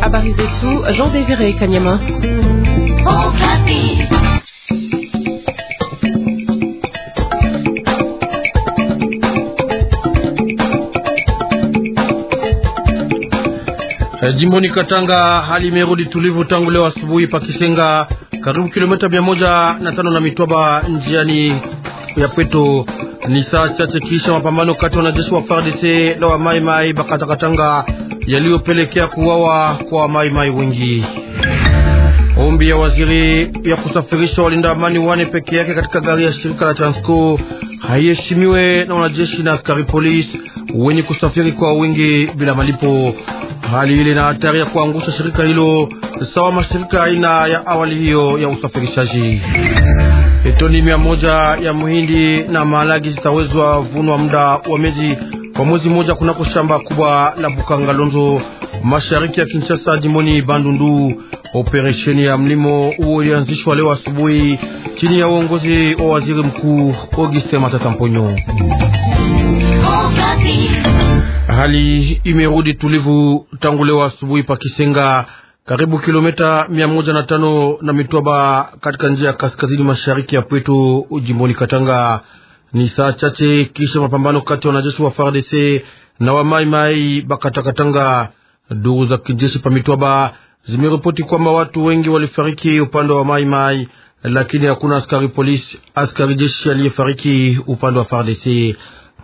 Habari zetu Jean Désiré Kanyama. Eh, jimboni Katanga hali imerudi tulivu tangu leo asubuhi pakisenga karibu kilomita mia moja na tano na mitwaba njiani ya Pweto ni saa chache kisha mapambano kati ya wanajeshi wa FARDC na wa Mai Mai Bakatakatanga yaliyopelekea kuwawa kwa Mai Mai wengi. Ombi ya waziri ya kusafirisha walinda amani wane peke yake katika gari ya shirika la Transco haiheshimiwe na wanajeshi na askari polisi wenye kusafiri kwa wingi bila malipo. Hali ile na hatari ya kuangusha shirika hilo sawa mashirika aina ya awali hiyo ya usafirishaji. Toni mia moja ya muhindi na maharagi zitawezwa vunwa muda wa mezi wa mwezi mmoja kunako shamba kubwa la Bukangalonzo mashariki ya Kinshasa, jimoni Bandundu. Operesheni ya mlimo huo ilianzishwa leo asubuhi chini ya uongozi wa waziri mkuu Auguste Matata Mponyo. Hali imerudi tulivu tangu leo asubuhi pa Kisenga, karibu kilomita mia moja na tano na Mitwaba, katika njia ya kaskazini mashariki ya Pweto, jimboni Katanga. Ni saa chache kisha mapambano kati ya wanajeshi wa FARDC na wa Mai Maimai Bakatakatanga. Duru za kijeshi pa Mitwaba zimeripoti kwamba watu wengi walifariki upande wa Mai Mai, lakini hakuna askari polisi, askari jeshi aliyefariki upande wa FARDC.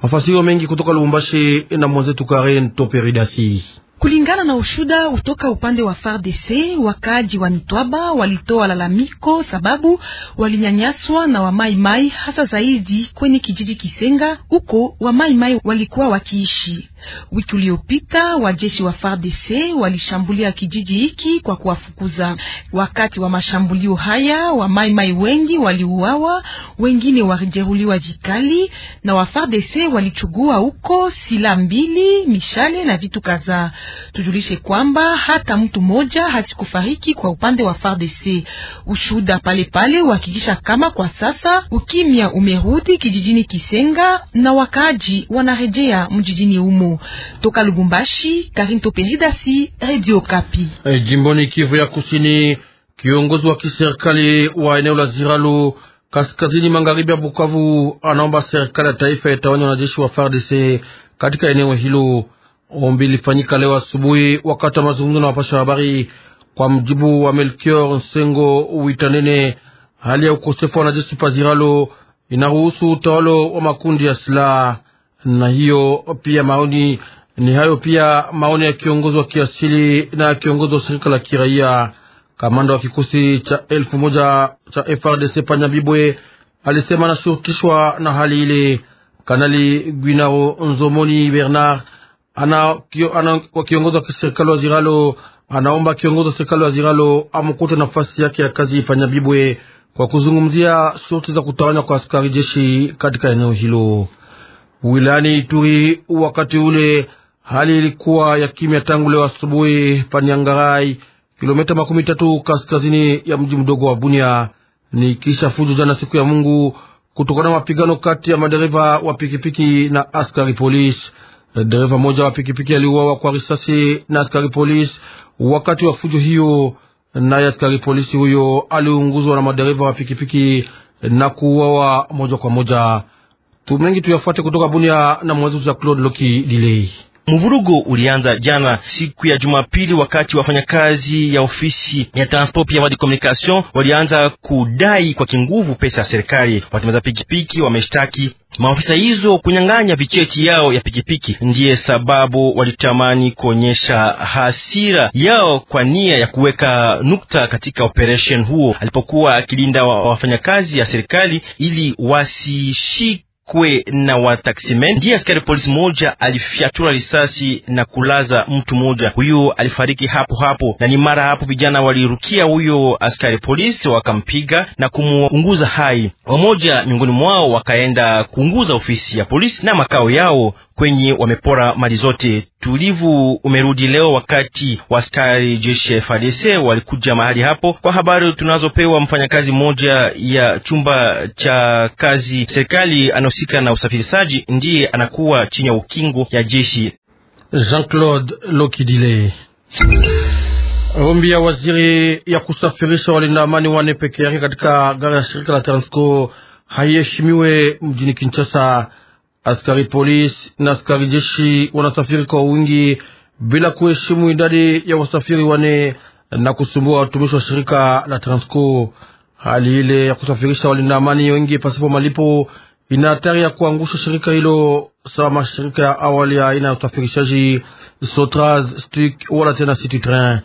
Mafasiro mengi kutoka Lubumbashi na mwenzetu Karen Toperidasi. Kulingana na ushuda utoka upande wa FARDC, wakaaji wa Mitwaba walitoa lalamiko sababu walinyanyaswa na wamaimai, hasa zaidi kwenye kijiji Kisenga, huko wamaimai walikuwa wakiishi. Wiki uliopita wajeshi wa FARDC walishambulia kijiji hiki kwa kuwafukuza. Wakati wa mashambulio haya, wamaimai wengi waliuawa, wengine walijeruhiwa vikali, na wa FARDC walichugua huko silaha mbili, mishale na vitu kadhaa. Tujulishe kwamba hata mtu mmoja hasikufariki kwa upande wa FARDC. Ushuda pale pale uhakikisha kama kwa sasa ukimya umerudi kijijini Kisenga na wakaaji wanarejea mjijini humo. Toka Lubumbashi, Karim Toperidasi, Radio Kapi. Hey, eh, jimboni Kivu ya Kusini, kiongozi wa kiserikali wa eneo la Ziralu kaskazini magharibi ya Bukavu anaomba serikali ya taifa itawanya wanajeshi wa FARDC katika eneo hilo. Ombi lifanyika leo asubuhi wakati wa mazungumzo na wapasha habari. Kwa mjibu wa Melchior Nsengo Witanene, hali ya ukosefu wa wanajeshi Paziralo inaruhusu utawalo wa makundi ya silaha, na hiyo pia maoni ni hayo pia maoni ya kiongozi wa kiasili na ya kiongozi wa shirika la kiraia. Kamanda wa kikosi cha elfu moja cha FRDC Panyabibwe alisema anashurutishwa na hali ile. Kanali Gwinao Nzomoni Bernard ana, kio, ana kwa kiongozi wa kiserikali wa Ziralo anaomba kiongozi wa serikali wa Ziralo amkute nafasi yake ya kazi bibwe kwa kuzungumzia shurti za kutawanya kwa askari jeshi katika eneo hilo wilayani Ituri. Wakati ule hali ilikuwa ya kimya tangu leo asubuhi Panyangarai, kilomita makumi tatu kaskazini ya mji mdogo wa Bunia, ni kisha fujo jana siku ya Mungu kutokana na mapigano kati ya madereva wa pikipiki na askari polisi. Dereva moja wa pikipiki aliuawa kwa risasi na askari polisi wakati wa fujo hiyo, naye askari polisi huyo aliunguzwa na madereva wa pikipiki na kuuawa moja kwa moja. Tumengi tuyafuate kutoka Bunia na mwezi ya Claude Loki Delay. Mvurugo ulianza jana siku ya Jumapili wakati wafanyakazi ya ofisi ya transport pia wadi communication walianza kudai kwa kinguvu pesa ya serikali. Watemeza pikipiki wameshtaki Maofisa hizo kunyang'anya vicheti yao ya pikipiki, ndiye sababu walitamani kuonyesha hasira yao kwa nia ya kuweka nukta katika operation huo, alipokuwa akilinda wafanyakazi ya serikali ili wasishike kwe na wataksimen. Ndiye askari polisi moja alifyatura risasi na kulaza mtu moja huyo alifariki hapo hapo, na ni mara hapo vijana walirukia huyo askari polisi wakampiga na kumuunguza hai. Wamoja miongoni mwao wakaenda kuunguza ofisi ya polisi na makao yao kwenye wamepora mali zote. Tulivu umerudi leo wakati wa askari jeshi ya FARDC walikuja mahali hapo. Kwa habari tunazopewa, mfanyakazi mmoja ya chumba cha kazi serikali anahusika na usafirishaji ndiye anakuwa chini ya ukingo ya jeshi. Jean-Claude Lokidile Ombi ya waziri ya kusafirisha walinda amani wane peke yake katika gari ya shirika la Transco haiheshimiwe mjini Kinshasa. Askari polisi na askari jeshi wanasafiri kwa wingi bila kuheshimu idadi ya wasafiri wane na kusumbua watumishi wa shirika la Transco. Hali ile ya kusafirisha walinda amani wengi pasipo malipo ina hatari ya kuangusha shirika hilo sawa mashirika ya awali ya aina ya usafirishaji Sotraz, Stik wala tena City Train.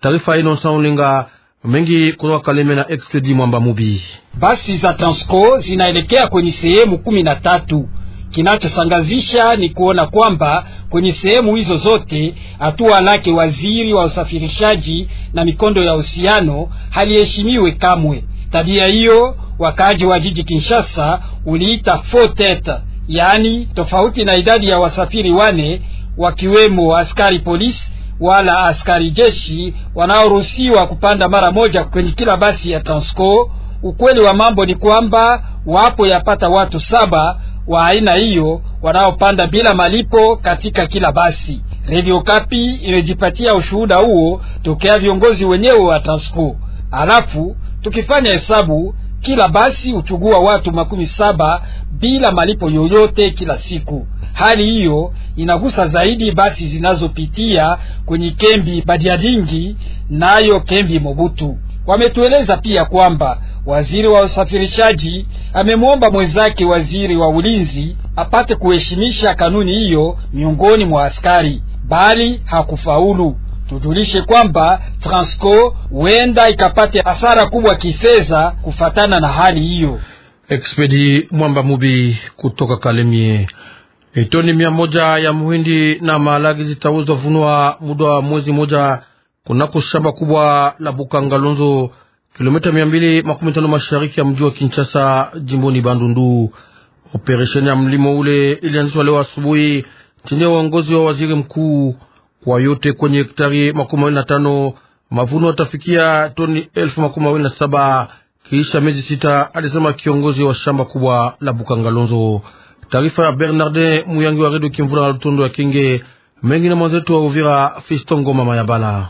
Taarifa ino saulinga mengi kutoka Kaleme na Exledi Mwamba Mubi. Basi za Transco zinaelekea kwenye sehemu kumi na tatu Kinachosangazisha ni kuona kwamba kwenye sehemu hizo zote hatua lake waziri wa usafirishaji na mikondo ya uhusiano haliheshimiwe kamwe. Tabia hiyo wakaaji wa jiji Kinshasa uliita fotet, yaani tofauti na idadi ya wasafiri wane wakiwemo askari polisi wala askari jeshi wanaoruhusiwa kupanda mara moja kwenye kila basi ya Transco. Ukweli wa mambo ni kwamba wapo yapata watu saba wa aina hiyo wanaopanda bila malipo katika kila basi. Radio Kapi imejipatia ushuhuda huo tokea viongozi wenyewe wa Transco. alafu tukifanya hesabu, kila basi huchugua watu makumi saba bila malipo yoyote kila siku. Hali hiyo inagusa zaidi basi zinazopitia kwenye kembi Badiadingi nayo kembi Mobutu. Wametueleza pia kwamba waziri wa usafirishaji amemwomba mwenzake waziri wa ulinzi apate kuheshimisha kanuni hiyo miongoni mwa askari, bali hakufaulu. Tujulishe kwamba Transco huenda ikapate hasara kubwa kifedha kufatana na hali hiyo. Expedi Mwamba Mubi kutoka Kalemie. Itoni mia moja ya muhindi na maharagi zitauzwa vunwa muda wa mwezi moja kunako shamba kubwa la Bukangalonzo, kilomita mia mbili makumi tano mashariki ya mji wa Kinshasa, jimboni Bandundu. Operesheni ya mlimo ule ilianzishwa leo asubuhi chini ya uongozi wa waziri mkuu. Kwa yote kwenye hektari makumi mawili na tano mavuno yatafikia toni elfu makumi mawili na saba kiisha miezi sita, alisema kiongozi wa shamba kubwa la Bukangalonzo. Taarifa ya Bernardin Muyangi wa Redio Kimvula na Lutondo ya Kinge mengi na mwenzetu wa Uvira Fiston Ngoma Mayabala.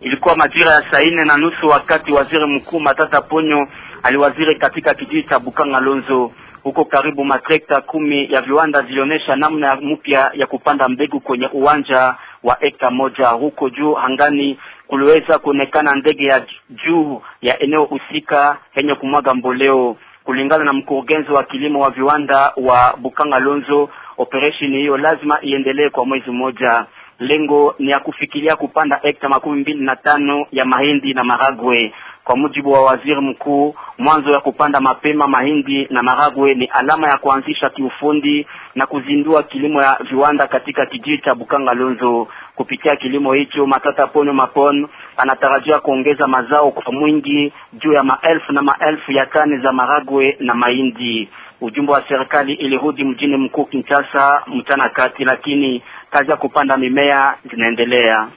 Ilikuwa majira ya saa nne na nusu wakati waziri mkuu Matata Ponyo aliwaziri katika kijiji cha Bukanga Lonzo. Huko karibu matrekta kumi ya viwanda zilionyesha namna mpya ya kupanda mbegu kwenye uwanja wa hekta moja. Huko juu hangani kuliweza kuonekana ndege ya juu ya eneo husika yenye kumwaga mboleo. Kulingana na mkurugenzi wa kilimo wa viwanda wa Bukanga Lonzo, operesheni hiyo lazima iendelee kwa mwezi mmoja lengo ni ya kufikiria kupanda hekta makumi mbili na tano ya mahindi na maragwe. Kwa mujibu wa waziri mkuu, mwanzo ya kupanda mapema mahindi na maragwe ni alama ya kuanzisha kiufundi na kuzindua kilimo ya viwanda katika kijiji cha Bukanga Lonzo. Kupitia kilimo hicho, Matata Ponyo Mapon anatarajia kuongeza mazao kwa mwingi juu ya maelfu na maelfu ya tani za maragwe na mahindi. Ujumbe wa serikali ilirudi mjini mkuu Kinshasa mchana kati, lakini kazi ya kupanda mimea zinaendelea.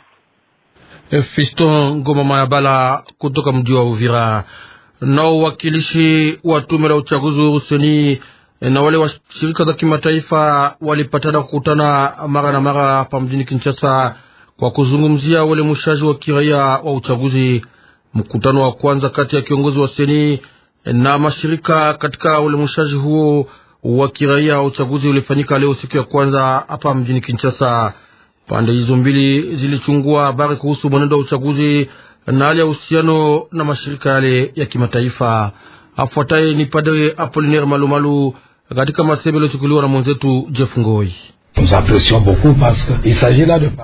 Eh, Fisto Ngoma Mayabala kutoka mji wa Uvira. Nao wakilishi wa tume la uchaguzi huru eh, na wale wa shirika za kimataifa walipatana kukutana mara na mara hapa mjini Kinshasa kwa kuzungumzia uelimishaji wa kiraia wa uchaguzi. Mkutano wa kwanza kati ya kiongozi wa seni eh, na mashirika katika ulemushaji huo wa kiraia wa uchaguzi ulifanyika leo siku ya kwanza hapa mjini Kinshasa. Pande hizo mbili zilichungua habari kuhusu mwenendo wa uchaguzi na hali ya uhusiano na mashirika yale ya kimataifa. Afuataye ni Padre Apolinaire Malumalu katika masebe yaliyochukuliwa na mwenzetu Jeff Ngoi.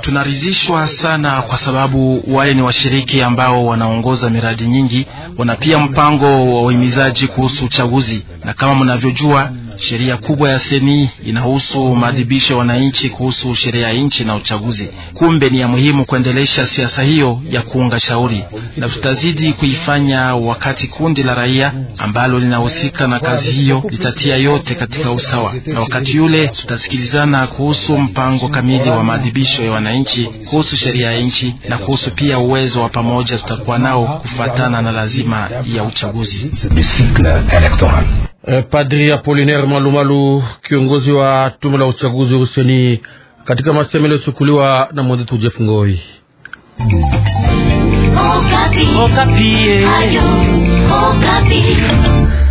Tunarizishwa sana kwa sababu wale ni washiriki ambao wanaongoza miradi nyingi, wana pia mpango wa uhimizaji kuhusu uchaguzi, na kama mnavyojua Sheria kubwa ya seni inahusu maadhibisho ya wananchi kuhusu sheria ya nchi na uchaguzi. Kumbe ni ya muhimu kuendelesha siasa hiyo ya kuunga shauri, na tutazidi kuifanya wakati kundi la raia ambalo linahusika na kazi hiyo litatia yote katika usawa, na wakati yule tutasikilizana kuhusu mpango kamili wa maadhibisho ya wananchi kuhusu sheria ya nchi na kuhusu pia uwezo wa pamoja tutakuwa nao kufuatana na lazima ya uchaguzi. Eh, Padri Apolinaire Malumalu, kiongozi wa tume la uchaguzi useni, katika masemo yaliyochukuliwa na mwenzetu Jeff Ngoi. Okapi. Okapi. Eh. Ayo. Okapi.